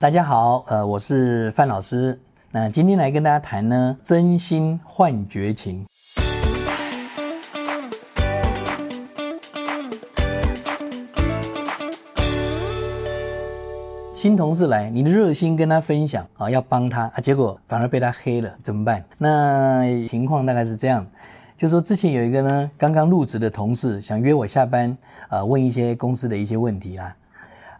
大家好，呃，我是范老師。那今天來跟大家談呢，真心換絕情。新同事來，你的熱心跟他分享啊、呃，要幫他啊，結果反而被他黑了，怎麼辦？那情況大概是這樣，就是說之前有一個呢，剛剛入職的同事想約我下班，呃，問一些公司的一些問題啊。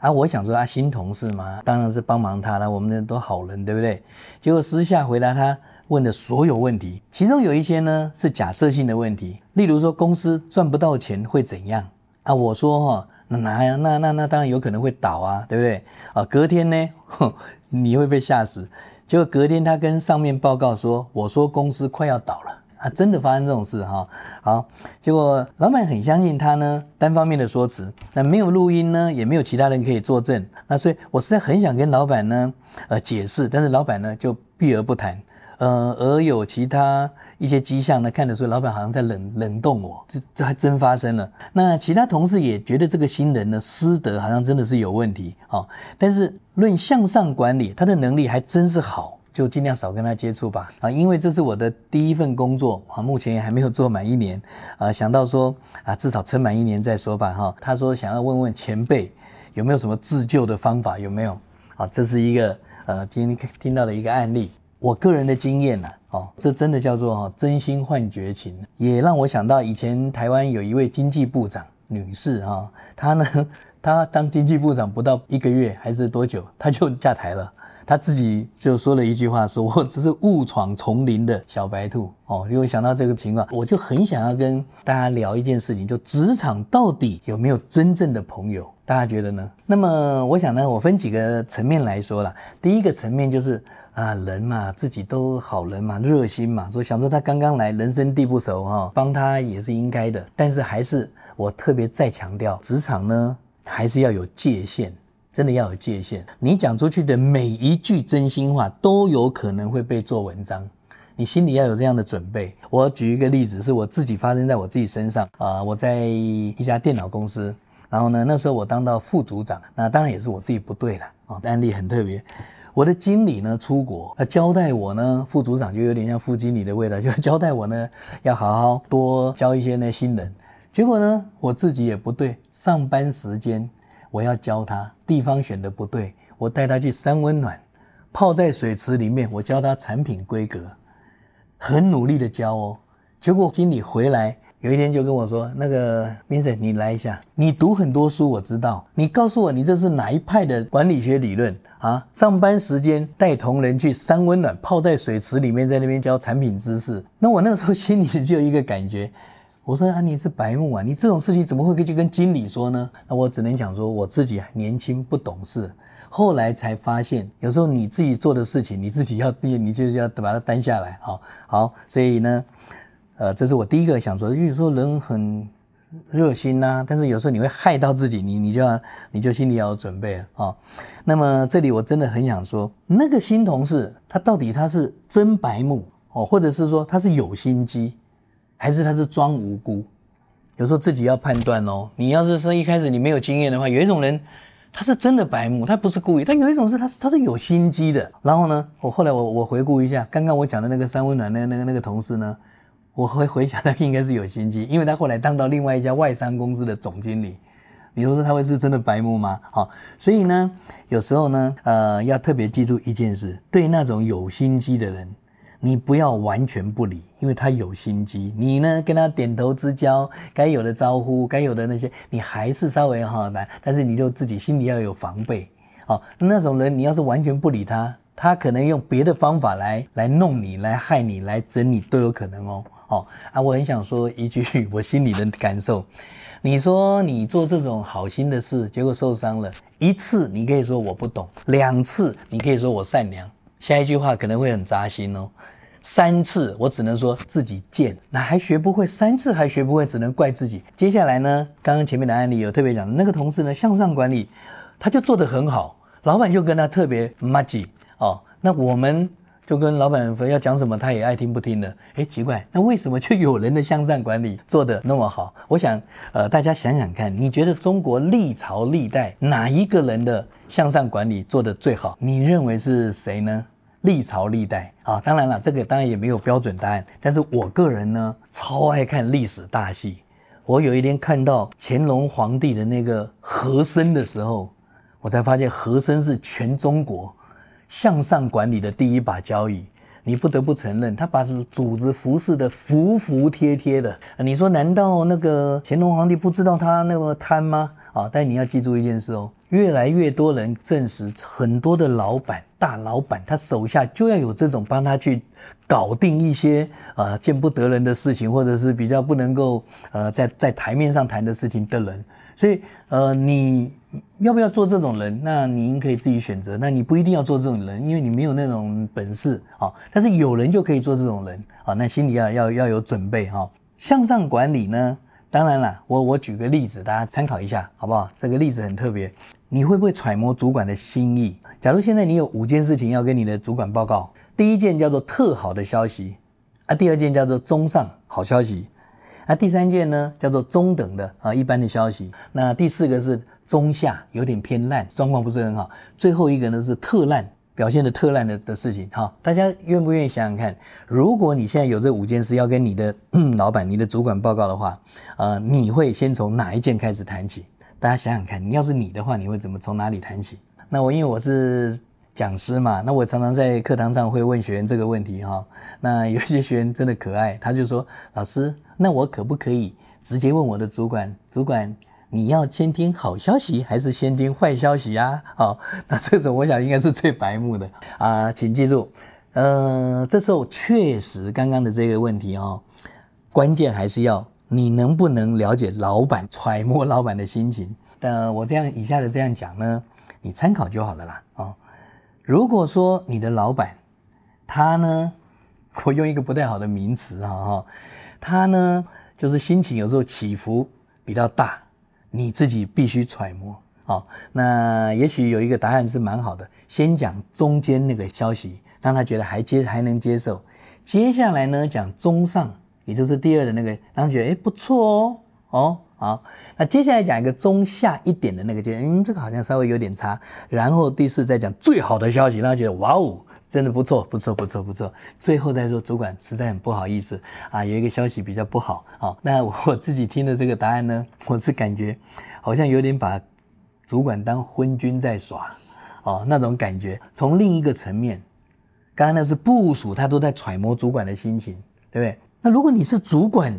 啊，我想說啊，新同事嘛，當然是幫忙他啦。我們那都好人，對不對？結果私下回答他問的所有問題，其中有一些呢是假設性的問題，例如說公司賺不到錢會怎樣？啊，我說哈、哦，那那那那那當然有可能會倒啊，對不對？啊，隔天呢，哼，你會被嚇死。結果隔天他跟上面報告說，我說公司快要倒了。啊，真的發生這種事哈！好，結果老闆很相信他呢，單方面的說辭，那沒有錄音呢，也沒有其他人可以作證。那所以我實在很想跟老闆呢，呃，解釋，但是老闆呢就避而不談，呃，而有其他一些跡象呢，看得出老闆好像在冷冷凍我。這這還真發生了。那其他同事也覺得這個新人呢，師德好像真的是有問題哦，但是論向上管理，他的能力還真是好。就盡量少跟他接觸吧，啊，因為這是我的第一份工作啊，目前也還沒有做滿一年，啊，想到說啊，至少撐滿一年再說吧，哈、哦。他說想要問問前輩，有沒有什麼自救的方法？有沒有？啊，這是一個呃，今天聽到的一個案例。我個人的經驗吶、啊，哦，這真的叫做真心換絕情，也讓我想到以前台灣有一位經濟部長女士，啊、哦，她呢，她當經濟部長不到一個月還是多久，她就下台了。他自己就說了一句話說，說我只是誤闖叢林的小白兔哦。因為想到這個情況，我就很想要跟大家聊一件事情，就職場到底有沒有真正的朋友？大家覺得呢？那麼我想呢，我分幾個層面來說啦。第一個層面就是啊，人嘛，自己都好人嘛，熱心嘛，所以想說他剛剛來，人生地不熟哈，幫他也是應該的。但是還是我特別再強調，職場呢還是要有界限。真的要有界限，你講出去的每一句真心話都有可能會被做文章，你心裡要有這樣的準備。我舉一個例子，是我自己發生在我自己身上啊，呃，我在一家電腦公司，然後呢，那時候我當到副組長，那當然也是我自己不對了啊。哦，案例很特別，我的經理呢出國，他交代我呢，副組長就有點像副經理的味道，就交代我呢要好好多教一些那新人。結果呢，我自己也不對，上班時間。我要教他地方選的不對，我帶他去三溫暖，泡在水池裡面，我教他產品規格，很努力的教哦。結果經理回來有一天就跟我說：“那個 Mister，你來一下，你讀很多書，我知道，你告訴我你這是哪一派的管理學理論啊？”上班時間帶同仁去三溫暖，泡在水池裡面，在那邊教產品知識。那我那個時候心裡就有一個感覺。我說安妮、啊、是白目啊,你這種事情怎麼會可以跟經理說呢？那我只能講說我自己年輕不懂事，後來才發現，有時候你自己做的事情，你自己要你就要把它擔下來。哈、哦，好，所以呢，呃，這是我第一個想說，就是候人很熱心吶、啊，但是有時候你會害到自己，你你就要、啊、你就心裡要有準備啊、哦。那麼這裡我真的很想說，那個新同事他到底他是真白目哦，或者是說他是有心機？還是他是裝無辜，有時候自己要判斷哦。你要是說一開始你沒有經驗的話，有一種人他是真的白目，他不是故意。他有一種是他是他是有心機的。然後呢，我後來我我回顧一下剛剛我講的那個三溫暖那那個、那個、那個同事呢，我會回、回想他應該是有心機，因為他後來當到另外一家外商公司的總經理，你說，說他會是真的白目嗎？好，哦，所以呢，有時候呢，呃，要特別記住一件事，對那種有心機的人。你不要完全不理，因為他有心機。你呢，跟他點頭之交，該有的招呼，該有的那些，你還是稍微好好的。但是你就自己心裡要有防備，哦，那種人，你要是完全不理他，他可能用別的方法來來弄你，來害你，來整你都有可能哦。哦啊，我很想說一句我心裡的感受。你說你做這種好心的事，結果受傷了，一次你可以說我不懂，兩次你可以說我善良。下一句話可能會很扎心哦。三次，我只能說自己賤，那還學不會？三次還學不會，只能怪自己。接下來呢，剛剛前面的案例有特別講，那個同事呢，向上管理，他就做得很好，老闆就跟他特別麻吉哦。那我們就跟老闆說要講什麼，他也愛聽不聽的。誒，奇怪，那為什麼就有人的向上管理做得那麼好？我想，呃，大家想想看，你覺得中國歷朝歷代哪一個人的向上管理做得最好？你認為是誰呢？歷朝歷代啊，當然了，這個當然也沒有標準答案。但是我個人呢，超愛看歷史大戲。我有一天看到乾隆皇帝的那個和珅的時候，我才發現和珅是全中國向上管理的第一把交椅。你不得不承認，他把主子服侍得服服帖帖帖的。啊，你說難道那個乾隆皇帝不知道他那麼貪嗎？啊！但你要記住一件事哦，越來越多人證實，很多的老闆、大老闆，他手下就要有這種幫他去搞定一些啊、呃、見不得人的事情，或者是比較不能夠呃在在檯面上談的事情的人。所以呃，你要不要做這種人？那你應可以自己選擇。那你不一定要做這種人，因為你沒有那種本事啊、哦。但是有人就可以做這種人啊、哦。那心裡要要要有準備哈、哦。向上管理呢？當然啦，我我舉個例子，大家參考一下，好不好？這個例子很特別，你會不會揣摩主管的心意？假如現在你有五件事情要跟你的主管報告，第一件叫做特好的消息，啊，第二件叫做中上好消息，啊，第三件呢叫做中等的啊一般的消息，那第四個是中下有點偏爛，狀況不是很好，最後一個呢是特爛。表現的特爛的的事情，哈，大家願不願意想想看，如果你現在有這五件事要跟你的老板、你的主管報告的話，啊、呃，你會先從哪一件開始談起？大家想想看，你要是你的話，你會怎麼從哪裡談起？那我因為我是講師嘛，那我常常在課堂上會問學員這個問題哈。那有一些學員真的可愛，他就說：“老師，那我可不可以直接問我的主管？主管？”你要先聽好消息還是先聽壞消息呀、啊？哦，那這種我想應該是最白目的啊，請記住，嗯、呃，這時候確實剛剛的這個問題哦，關鍵還是要你能不能了解老板、揣摩老板的心情。但我這樣以下的這樣講呢，你參考就好了啦。哦，如果說你的老板，他呢，我用一個不太好的名詞啊哈、哦，他呢就是心情有時候起伏比較大。你自己必須揣摩哦。那也許有一個答案是蠻好的，先講中間那個消息，讓他覺得還接還能接受。接下來呢，講中上，也就是第二的那個，讓他覺得誒，不錯哦哦好。那接下來講一個中下一點的那個，就嗯這個好像稍微有點差。然後第四再講最好的消息，讓他覺得哇哦。真的不錯，不錯，不錯，不錯。最後再說，主管實在很不好意思啊，有一個消息比較不好。啊，那我自己聽的這個答案呢，我是感覺好像有點把主管當昏君在耍，哦，那種感覺。從另一個層面，剛剛那是部屬，他都在揣摩主管的心情，對不對？那如果你是主管，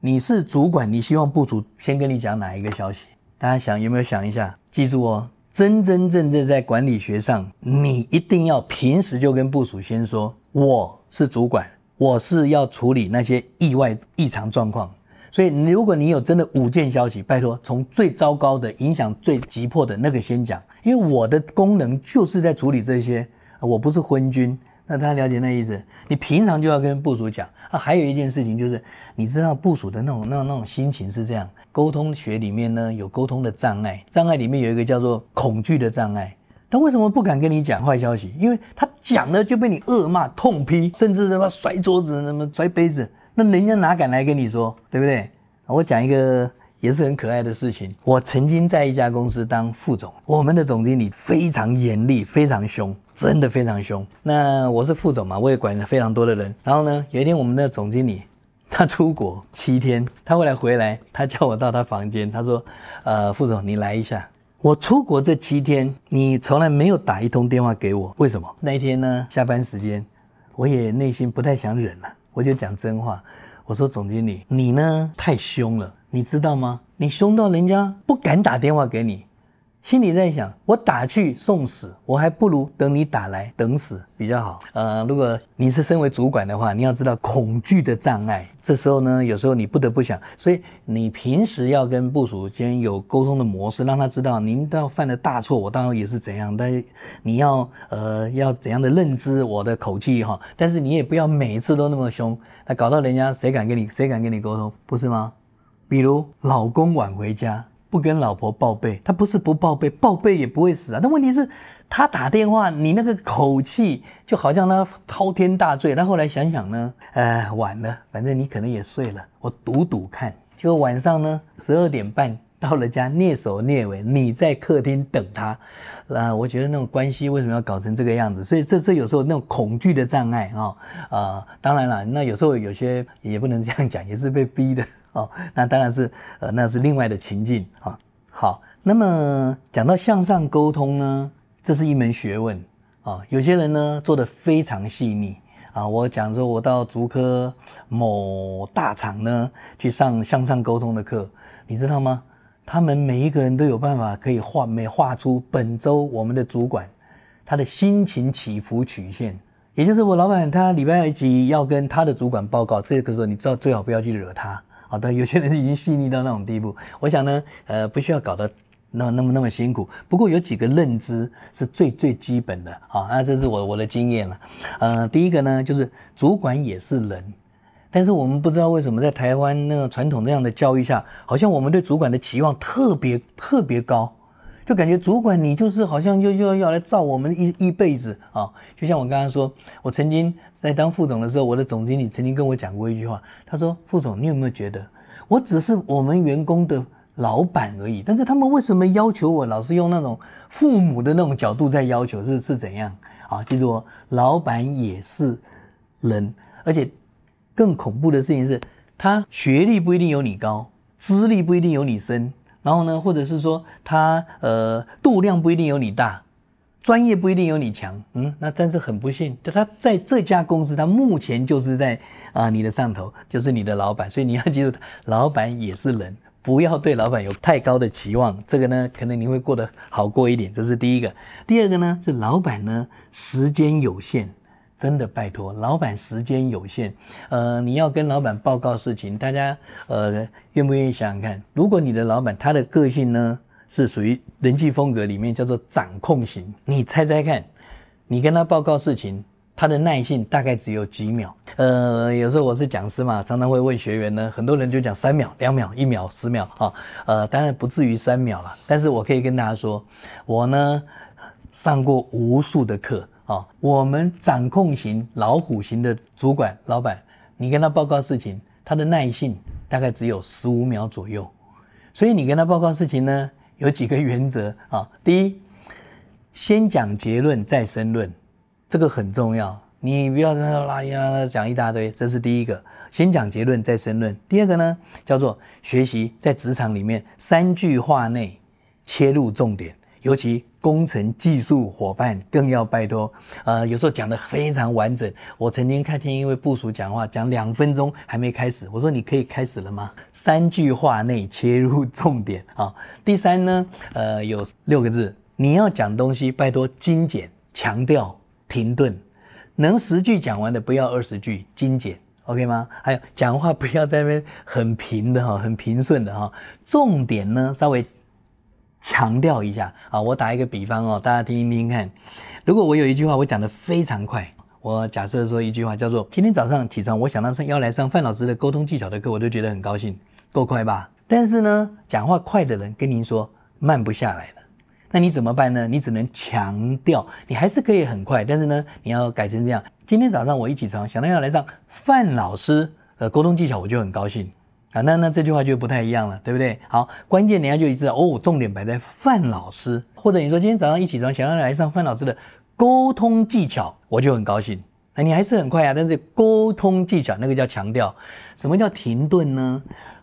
你是主管，你希望部屬先跟你講哪一個消息？大家想有沒有想一下？記住哦。真真正正在管理學上，你一定要平時就跟部屬先說，我是主管，我是要處理那些意外異常狀況。所以，如果你有真的五件消息，拜托從最糟糕的、影響最急迫的那個先講，因為我的功能就是在處理這些，我不是昏君。那他了解那意思，你平常就要跟部署講啊。還有一件事情就是，你知道部署的那種、那那種心情是這樣。溝通學裡面呢，有溝通的障礙，障礙裡面有一個叫做恐懼的障礙。他為什麼不敢跟你講壞消息？因為他講了就被你惡罵、痛批，甚至什麼摔桌子、什麼摔杯子。那人家哪敢來跟你說，對不對？我講一個。也是很可愛的事情。我曾經在一家公司當副總，我們的總經理非常嚴厲，非常凶，真的非常凶。那我是副總嘛，我也管了非常多的人。然後呢，有一天我們的總經理他出國七天，他後來回來，他叫我到他房間，他說：“呃，副總，你來一下。我出國這七天，你從來沒有打一通電話給我，為什麼？”那一天呢，下班時間，我也內心不太想忍了，我就講真話。我說，總經理，你呢太凶了，你知道嗎？你凶到人家不敢打電話給你，心裡在想，我打去送死，我還不如等你打來等死比較好。呃，如果你是身為主管的話，你要知道恐懼的障礙。這時候呢，有時候你不得不想，所以你平時要跟部屬間有溝通的模式，讓他知道您都要犯的大錯，我當然也是怎樣。但是你要呃，要怎樣的認知我的口氣哈，但是你也不要每次都那麼凶。那搞到人家誰敢跟你誰敢跟你溝通，不是嗎？比如老公晚回家，不跟老婆報備，他不是不報備，報備也不會死啊。但問題是，他打電話，你那個口氣就好像他滔天大罪。那後來想想呢，哎、呃，晚了，反正你可能也睡了。我賭賭看，就晚上呢，十二點半。到了家躡手躡尾，你在客廳等他，啊、呃，我覺得那種關係為什麼要搞成這個樣子？所以這這有時候那種恐懼的障礙，哈、哦，啊、呃，當然了，那有時候有些也不能這樣講，也是被逼的，哦，那當然是，呃，那是另外的情境，哈、哦，好，那麼講到向上溝通呢，這是一門學問，啊、哦，有些人呢做得非常細膩，啊、哦，我講說我到竹科某大廠呢去上向上溝通的課，你知道嗎？他們每一個人都有辦法可以畫，每畫出本周我們的主管他的心情起伏曲線，也就是我老闆他禮拜幾要跟他的主管報告，這個時候你知道最好不要去惹他。好的，有些人已經細膩到那種地步，我想呢，呃，不需要搞得那那麼那麼，那麼辛苦。不過有幾個認知是最最基本的，好，啊，那這是我我的經驗了。呃，第一個呢，就是主管也是人。但是我們不知道為什麼在台灣那個傳統那樣的教育下，好像我們對主管的期望特別特別高，就感覺主管你就是好像又又要來罩我們一一輩子啊！就像我剛剛說，我曾經在當副總的時候，我的總經理曾經跟我講過一句話，他說：“副總，你有沒有覺得我只是我們員工的老闆而已？但是他們為什麼要求我老是用那種父母的那種角度在要求？是是怎樣？啊，記住哦，老闆也是人，而且。”更恐怖的事情是，他學歷不一定有你高，資歷不一定有你深，然後呢，或者是說他，呃，度量不一定有你大，專業不一定有你強，嗯，那但是很不幸，就他在這家公司，他目前就是在啊、呃、你的上頭，就是你的老闆，所以你要記住，老闆也是人，不要對老闆有太高的期望。這個呢，可能你會過得好過一點，這是第一個。第二個呢，是老闆呢，時間有限。真的拜託，老闆時間有限，呃，你要跟老闆報告事情，大家呃，願不願意想想看？如果你的老闆他的個性呢，是屬於人際風格裡面叫做掌控型，你猜猜看，你跟他報告事情，他的耐性大概只有幾秒。呃，有時候我是講師嘛，常常會問學員呢，很多人就講三秒、兩秒、一秒、十秒啊、哦。呃，當然不至於三秒啦，但是我可以跟大家說，我呢上過無數的課。啊，我們掌控型、老虎型的主管、老闆，你跟他報告事情，他的耐性大概只有十五秒左右。所以你跟他報告事情呢，有幾個原則啊。第一，先講結論再申論，這個很重要。你不要跟他拉呀，講一大堆，這是第一個，先講結論再申論。第二個呢，叫做學習，在職場裡面三句話內切入重點，尤其。工程技術夥伴更要拜託，呃，有時候講得非常完整。我曾經看見一位部屬講話，講兩分鐘還沒開始，我說你可以開始了嗎？三句話內切入重點啊、哦。第三呢，呃，有六個字，你要講東西，拜託精簡、強調、停頓，能十句講完的不要二十句，精簡，OK 嗎？還有講話不要在那邊很平的哈，很平順的哈、哦，重點呢稍微。強調一下啊，我打一個比方哦，大家聽一聽看。如果我有一句話，我講得非常快，我假設說一句話叫做“今天早上起床，我想到要來上范老師的溝通技巧的課”，我就覺得很高興，夠快吧？但是呢，講話快的人跟您說慢不下來了，那你怎麼辦呢？你只能強調，你還是可以很快，但是呢，你要改成這樣：今天早上我一起床，想到要來上范老師的溝通技巧，我就很高興。啊，那那這句話就不太一樣了，對不對？好，關鍵人家就一直哦，重點擺在范老師，或者你說今天早上一起床想要來上范老師的溝通技巧，我就很高興。啊，你還是很快啊，但是溝通技巧那個叫強調，什麼叫停頓呢？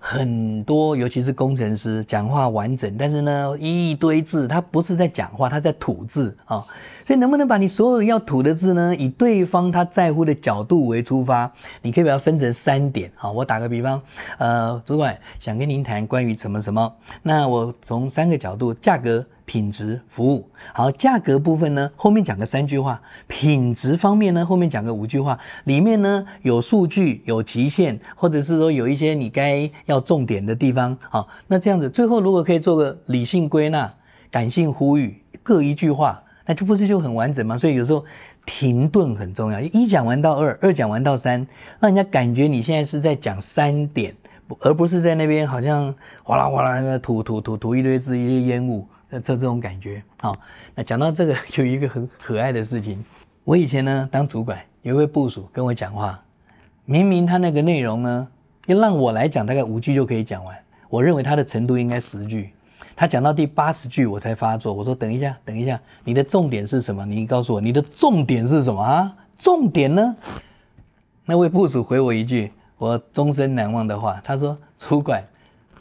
很多，尤其是工程師，講話完整，但是呢，一堆字，他不是在講話，他在吐字啊、哦。所以，能不能把你所有要吐的字呢，以對方他在乎的角度為出發，你可以把它分成三點啊、哦。我打個比方，呃，主管想跟您談關於什麼什麼，那我從三個角度：價格、品質、服務。好，價格部分呢，後面講個三句話；品質方面呢，後面講個五句話。裡面呢，有數據、有極限，或者是說有一些你該要。重點的地方，好，那這樣子，最後如果可以做個理性歸納，感性呼籲，各一句話，那就不是就很完整嗎？所以有時候停頓很重要，一講完到二，二講完到三，讓人家感覺你現在是在講三點，而不是在那邊好像嘩啦嘩啦的吐吐吐吐吐一堆字，一堆煙霧，這這種感覺，好，那講到這個，有一個很可愛的事情，我以前呢當主管，有一位部屬跟我講話，明明他那個內容呢。要讓我來講，大概五句就可以講完。我認為他的程度應該十句。他講到第八十句，我才發作。我說：“等一下，等一下，你的重點是什麼？你告訴我，你的重點是什麼啊？重點呢？”那位部屬回我一句，我終身難忘的話。他說：“主管，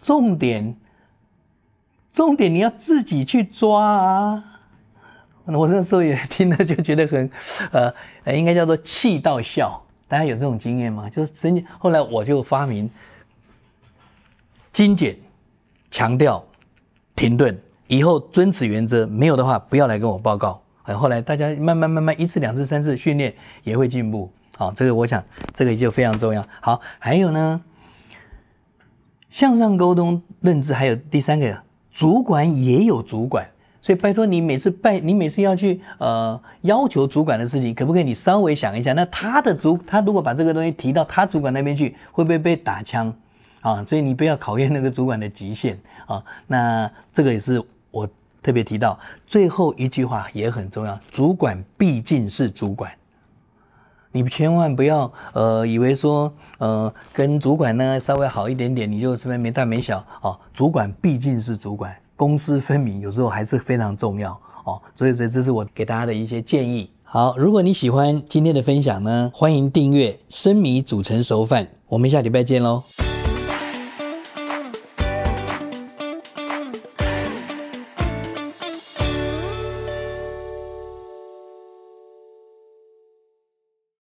重點，重點你要自己去抓啊！”我那時候也聽了，就覺得很，呃，應該叫做氣到笑。大家有這種經驗嗎？就是後來我就發明精簡、強調、停頓，以後遵此原則，沒有的話不要來跟我報告。後來大家慢慢慢慢一次、兩次、三次訓練也會進步。啊，這個我想這個就非常重要。好，還有呢，向上溝通認知，還有第三個，主管也有主管。所以拜託你每次拜你每次要去呃要求主管的事情，可不可以你稍微想一下？那他的主他如果把這個東西提到他主管那邊去，會不會被打槍？啊，所以你不要考驗那個主管的極限啊。那這個也是我特別提到最後一句話也很重要。主管畢竟是主管，你千萬不要呃以為說呃跟主管呢稍微好一點點，你就這邊沒大沒小啊。主管畢竟是主管。公私分明，有時候還是非常重要哦。所以，這這是我給大家的一些建議。好，如果你喜歡今天的分享呢，歡迎訂閱《生米煮成熟飯》。我們下禮拜見嘍。